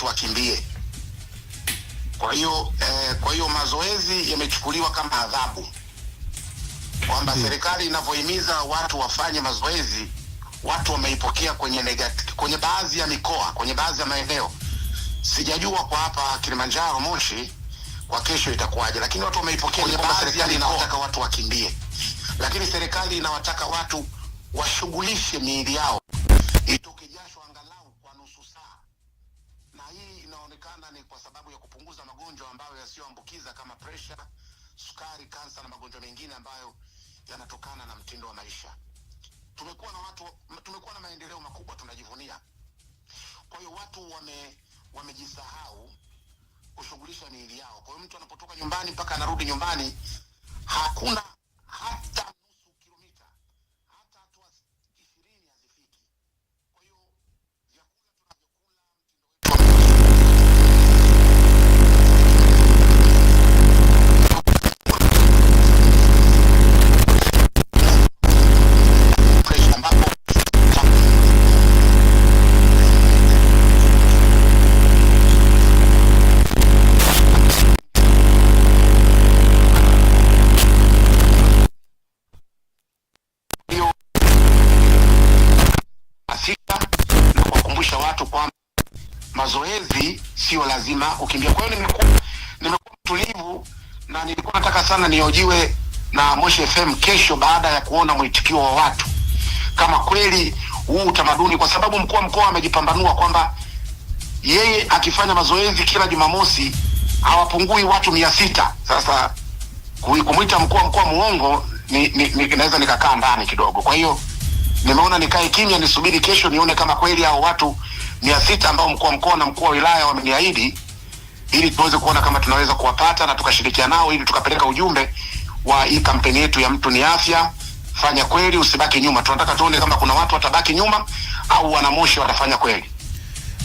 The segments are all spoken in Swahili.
watu wakimbie. Kwa hiyo eh, kwa hiyo mazoezi yamechukuliwa kama adhabu kwamba hmm, serikali inavyohimiza watu wafanye mazoezi, watu wameipokea kwenye negati, kwenye baadhi ya mikoa, kwenye baadhi ya maeneo. Sijajua kwa hapa Kilimanjaro, Moshi kwa kesho itakuwaje, lakini watu wameipokea kwamba serikali watu wakimbie, lakini serikali inawataka watu washughulishe miili yao. kwa sababu ya kupunguza magonjwa ambayo yasiyoambukiza kama presha, sukari, kansa na magonjwa mengine ambayo yanatokana na mtindo wa maisha. Tumekuwa na watu, tumekuwa na maendeleo makubwa tunajivunia. Kwa hiyo watu wame wamejisahau kushughulisha miili yao. Kwa hiyo mtu anapotoka nyumbani mpaka anarudi nyumbani hakuna watu kwamba mazoezi sio lazima ukimbia. Kwa hiyo nimekuwa nimekuwa mtulivu na nilikuwa nataka sana niojiwe na Moshi FM kesho, baada ya kuona mwitikio wa watu kama kweli huu utamaduni, kwa sababu mkuu wa mkoa amejipambanua kwamba yeye akifanya mazoezi kila Jumamosi hawapungui watu mia sita. Sasa kumwita mkuu wa mkoa muongo ni, ni, ni, naweza nikakaa ndani kidogo. Kwa hiyo nimeona nikae kimya nisubiri kesho nione kama kweli hao watu mia sita ambao mkuu wa mkoa na mkuu wa wilaya wameniahidi ili tuweze kuona kama tunaweza kuwapata na tukashirikia nao ili tukapeleka ujumbe wa hii kampeni yetu ya mtu ni afya. Fanya kweli, usibaki nyuma. Tunataka tuone kama kuna watu watabaki nyuma au wanamoshi watafanya kweli.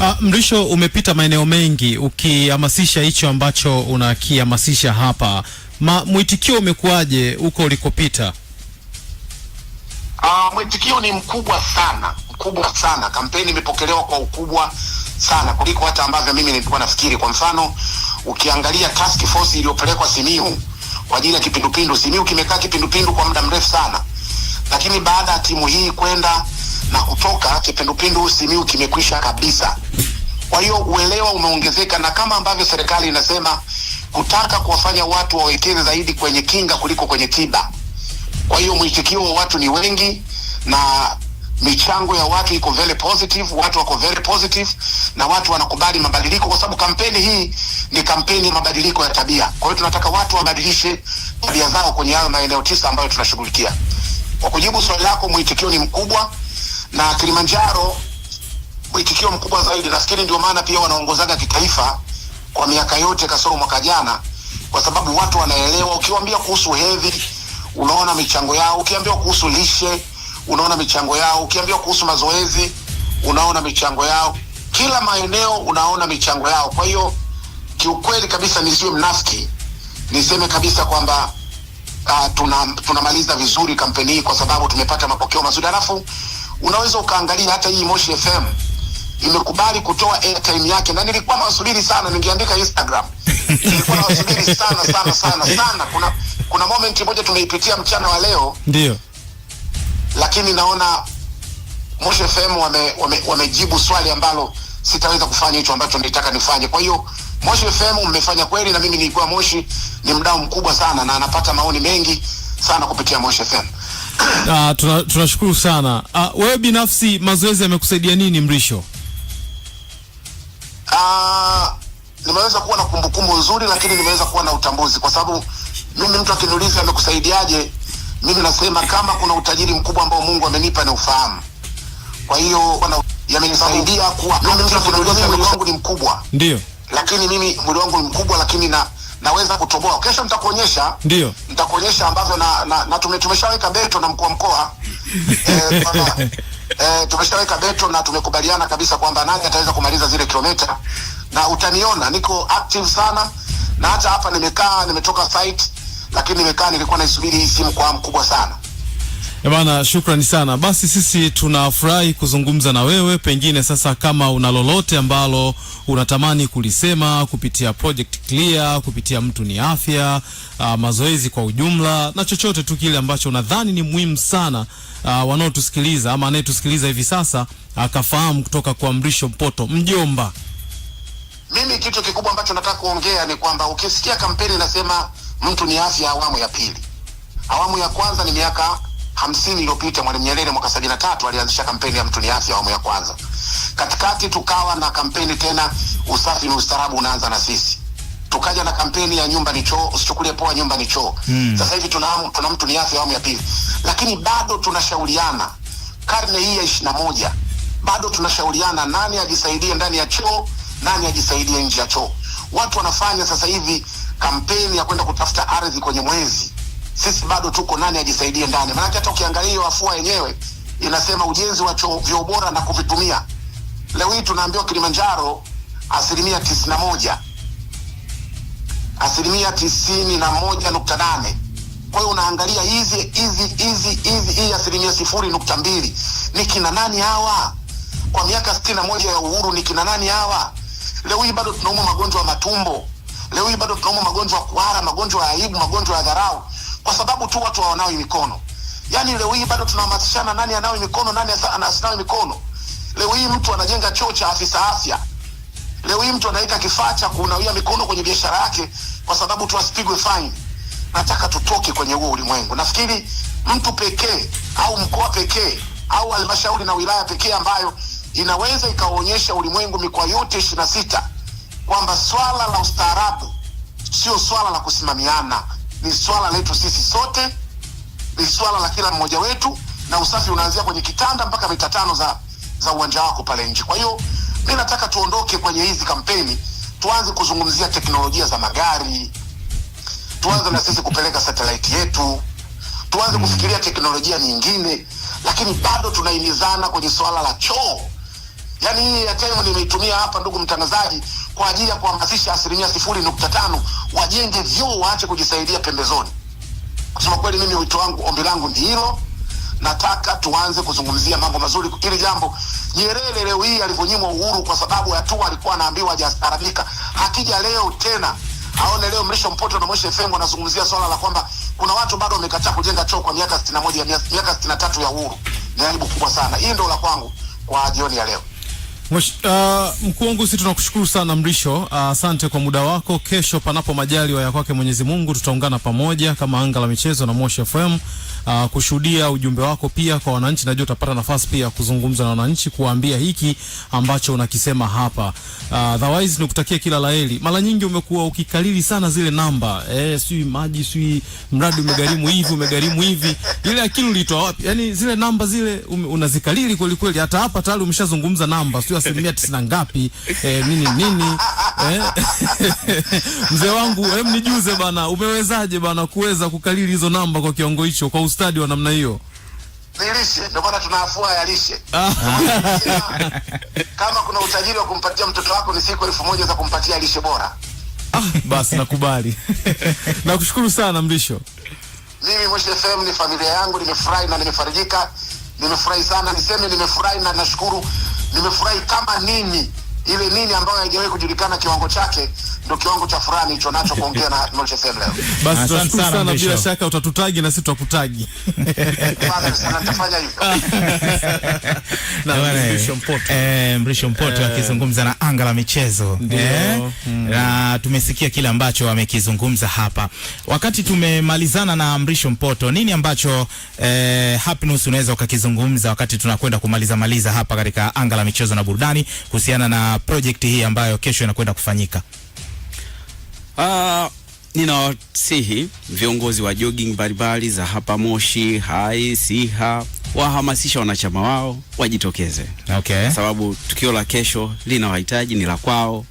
Ah, Mrisho, umepita maeneo mengi ukihamasisha hicho ambacho unakihamasisha hapa. Ma, mwitikio umekuwaje huko ulikopita? Ah, mwitikio ni mkubwa sana kubwa sana. Kampeni imepokelewa kwa ukubwa sana kuliko hata ambavyo mimi nilikuwa nafikiri. Kwa mfano, ukiangalia task force iliyopelekwa Simiu kwa ajili ya kipindupindu, Simiu kimekaa kipindupindu kwa muda mrefu sana, lakini baada ya timu hii kwenda na kutoka, kipindupindu Simiu kimekwisha kabisa. Kwa hiyo uelewa umeongezeka, na kama ambavyo serikali inasema kutaka kuwafanya watu wawekeze zaidi kwenye kinga kuliko kwenye tiba. Kwa hiyo mwitikio wa watu ni wengi na michango ya watu iko very positive, watu wako very positive na watu wanakubali mabadiliko, kwa sababu kampeni hii ni kampeni ya mabadiliko ya tabia. Kwa hiyo tunataka watu wabadilishe tabia zao kwenye hayo maeneo tisa ambayo tunashughulikia. Kwa kujibu swali lako, mwitikio ni mkubwa, na Kilimanjaro mwitikio mkubwa zaidi. Nafikiri ndio maana pia wanaongozaga kitaifa kwa miaka yote kasoro mwaka jana, kwa sababu watu wanaelewa. Ukiwaambia kuhusu hedhi, unaona michango yao. Ukiambiwa kuhusu lishe unaona michango yao. Ukiambiwa kuhusu mazoezi, unaona michango yao. Kila maeneo unaona michango yao. Kwa hiyo kiukweli kabisa, nisiwe mnafiki, niseme kabisa kwamba uh, tuna tunamaliza vizuri kampeni hii kwa sababu tumepata mapokeo mazuri. Alafu unaweza ukaangalia hata hii Moshi FM imekubali kutoa airtime yake, na nilikuwa nawasubiri sana, ningeandika Instagram nilikuwa nawasubiri sana sana sana sana. Kuna kuna moment moja tumeipitia mchana wa leo, ndio lakini naona Moshi FM wamejibu wame, wame swali ambalo sitaweza kufanya hicho ambacho nilitaka nifanye. Kwa hiyo Moshi FM mmefanya kweli, na mimi nilikuwa Moshi ni mdau mkubwa sana na anapata maoni mengi sana kupitia Moshi FM. Ah, tuna, tunashukuru sana. Ah, wewe binafsi mazoezi yamekusaidia nini Mrisho? Ah, nimeweza kuwa na kumbukumbu nzuri, lakini nimeweza kuwa na utambuzi, kwa sababu mimi mtu akiniuliza amekusaidiaje mimi nasema kama kuna utajiri mkubwa ambao Mungu amenipa na ufahamu, kwa hiyo yamenisaidia kuwa mwili wangu ni mkubwa, ndio, lakini mimi mwili wangu ni mkubwa, lakini na naweza kutoboa. Kesho nitakuonyesha, ndio, nitakuonyesha ambavyo na, na, na tume tumeshaweka beto na mkuu wa mkoa eh, eh, tumeshaweka beto na tumekubaliana kabisa kwamba nani ataweza kumaliza zile kilomita, na utaniona niko active sana, na hata hapa nimekaa, nimetoka site lakini nimekaa nilikuwa naisubiri hii simu kwa mkubwa sana. E bana, shukrani sana. Basi sisi tunafurahi kuzungumza na wewe. Pengine sasa, kama una lolote ambalo unatamani kulisema kupitia Project Clear, kupitia mtu ni afya, ah, mazoezi kwa ujumla na chochote tu kile ambacho unadhani ni muhimu sana ah, wanaotusikiliza ama anayetusikiliza hivi sasa akafahamu kutoka kwa Mrisho Mpoto mjomba. Mimi kitu kikubwa ambacho nataka kuongea ni kwamba ukisikia kampeni nasema mtu ni afya awamu ya pili. Awamu ya kwanza ni miaka hamsini iliyopita. Mwalimu Nyerere mwaka sabini na tatu alianzisha kampeni ya mtu ni afya awamu ya kwanza. Katikati tukawa na kampeni tena, usafi ni ustarabu unaanza na sisi. Tukaja na kampeni ya nyumba ni choo, usichukulie poa, nyumba ni choo. Mm. Sasa hivi tuna, tuna mtu ni afya awamu ya pili, lakini bado tunashauriana karne hii ya ishirini na moja bado tunashauriana nani ajisaidie ndani ya choo, nani ajisaidie nje ya choo. Watu wanafanya sasa hivi kampeni ya kwenda kutafuta ardhi kwenye mwezi, sisi bado tuko nani ajisaidie ndani. Maanake hata ukiangalia hiyo afua yenyewe inasema ujenzi wa vyoo bora na kuvitumia. Leo hii tunaambiwa Kilimanjaro asilimia tisini na moja asilimia tisini na moja nukta nane kwa hiyo unaangalia hizi hizi hizi hizi hii asilimia sifuri nukta mbili ni kina nani hawa? Kwa miaka sitini na moja ya uhuru ni kina nani hawa? Leo hii bado tunaumwa magonjwa ya matumbo Leo hii bado tunaumwa magonjwa ya kuhara, magonjwa ya aibu, magonjwa ya dharau kwa sababu tu watu hawanao mikono. Yaani leo hii bado tunahamasishana nani anao mikono, nani anasinayo mikono. Leo hii mtu anajenga choo cha afisa afya. Leo hii mtu anaweka kifaa cha kunawia mikono kwenye biashara yake kwa sababu tu asipigwe fine. Nataka tutoke kwenye huo ulimwengu. Nafikiri mtu pekee au mkoa pekee au halmashauri na wilaya pekee ambayo inaweza ikaonyesha ulimwengu mikoa yote ishirini sita kwamba swala la ustaarabu sio swala la kusimamiana, ni swala letu sisi sote, ni swala la kila mmoja wetu, na usafi unaanzia kwenye kitanda mpaka mita tano za, za uwanja wako pale nje. Kwa hiyo mi nataka tuondoke kwenye hizi kampeni, tuanze kuzungumzia teknolojia za magari, tuanze na sisi kupeleka satelaiti yetu, tuanze kufikiria teknolojia nyingine, lakini bado tunaimizana kwenye swala la choo yani hii ya time nimeitumia hapa, ndugu mtangazaji, kwa ajili ya kuhamasisha asilimia sifuri nukta tano wajenge vyoo, waache kujisaidia pembezoni. Kusema kweli, mimi wito wangu, ombi langu ni hilo. Nataka tuanze kuzungumzia mambo mazuri. ili jambo Nyerere leo hii alivyonyimwa uhuru kwa sababu ya tu alikuwa anaambiwa ajastarabika hakija leo tena aone leo Mrisho Mpoto na mwisho Fengo anazungumzia swala la kwamba kuna watu bado wamekataa kujenga choo kwa miaka 61 ya miaka 63 ya uhuru. Ni aibu kubwa sana. Hii ndio la kwangu kwa jioni ya leo. Mwish, Uh, mkuu wangu, sisi tunakushukuru sana Mrisho, uh, asante uh, kwa muda wako. Kesho panapo majaliwa ya kwake Mwenyezi Mungu tutaungana pamoja kama anga la michezo na Moshi FM uh, kushuhudia ujumbe wako pia kwa wananchi. Najua utapata nafasi pia kuzungumza na wananchi, kuambia hiki ambacho unakisema hapa. Uh, otherwise nikutakia kila laheri. Mara nyingi umekuwa ukikalili sana zile namba eh, sui maji sui mradi umegharimu hivi umegharimu hivi, ile akili ulitoa wapi? Yani zile namba zile um, unazikalili kweli kweli, hata hapa tayari umeshazungumza namba sui sio asilimia tisini na ngapi eh, nini nini eh? Mzee wangu hem, nijuze bana, umewezaje bana kuweza kukalili hizo namba kwa kiwango hicho, kwa ustadi wa namna hiyo? Nilishe, ndio maana tuna ya lishe. Ah. Kama kuna utajiri wa kumpatia mtoto wako ni siku elfu moja za kumpatia lishe bora. Ah, basi nakubali. Nakushukuru sana Mrisho. Mimi Moshi FM ni familia yangu, nimefurahi na nimefarijika. Nimefurahi sana, niseme nimefurahi na nashukuru nimefurahi kama nini ile nini ambayo haijawahi kujulikana kiwango chake ndio kiwango cha furaha nilicho nacho kuongea na Noche FM leo. Basi tunashukuru sana, sana bila shaka utatutagi na sisi tutakutagi. Basi sana nitafanya hivyo. Na bwana Mrisho Eh, eh Mrisho Mpoto eh. akizungumza na anga la michezo. Ndio. Eh? Hmm. Na tumesikia kile ambacho amekizungumza hapa. Wakati tumemalizana na Mrisho Mpoto, nini ambacho eh, Happiness unaweza ukakizungumza wakati tunakwenda kumaliza maliza hapa katika anga la michezo na burudani kuhusiana na project hii ambayo kesho inakwenda kufanyika? Uh, ninawasihi viongozi wa jogging mbalimbali za hapa Moshi, Hai, Siha wahamasisha wanachama wao wajitokeze, okay. Sababu tukio la kesho lina wahitaji, ni la kwao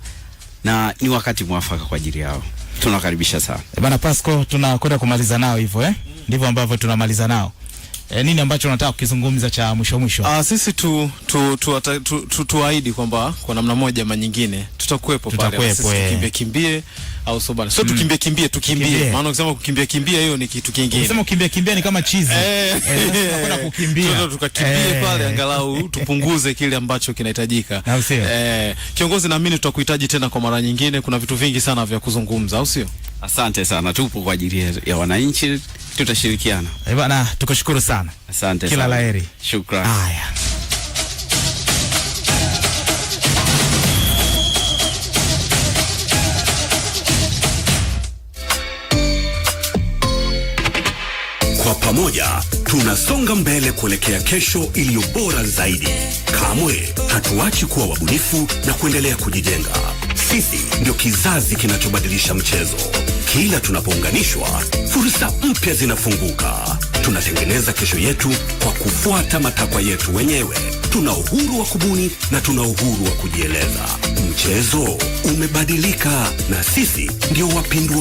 na ni wakati mwafaka kwa ajili yao. Tunawakaribisha sana bana Pasco, tunakwenda kumaliza nao hivyo eh? Ndivyo ambavyo tunamaliza nao e, nini ambacho unataka kukizungumza cha mwisho mwisho? Ah, sisi tu tu tuahidi tu, tu, tu, tu kwamba kwa namna moja ama nyingine tutakuepo pale. Sisi eh. tukimbie kimbie au so bana. Sio mm. tukimbie kimbie tukimbie. Maana ukisema kukimbia kimbia hiyo ni kitu kingine. Ukisema kukimbia kimbia ni kama chizi. Eh, eh tunakwenda kukimbia. Tunataka tukakimbie pale angalau tupunguze kile ambacho kinahitajika. Eh, kiongozi naamini tutakuhitaji tena kwa mara nyingine. Kuna vitu vingi sana vya kuzungumza, au sio? Asante sana, tupo kwa ajili ya wananchi tutashirikiana. e eh, bana, tukushukuru sana. Asante. Kila laheri. Shukrani. Haya. Kwa pamoja tunasonga mbele kuelekea kesho iliyo bora zaidi. Kamwe hatuachi kuwa wabunifu na kuendelea kujijenga. Sisi ndio kizazi kinachobadilisha mchezo. Kila tunapounganishwa, fursa mpya zinafunguka. Tunatengeneza kesho yetu kwa kufuata matakwa yetu wenyewe. Tuna uhuru wa kubuni na tuna uhuru wa kujieleza. Mchezo umebadilika na sisi ndio wapindua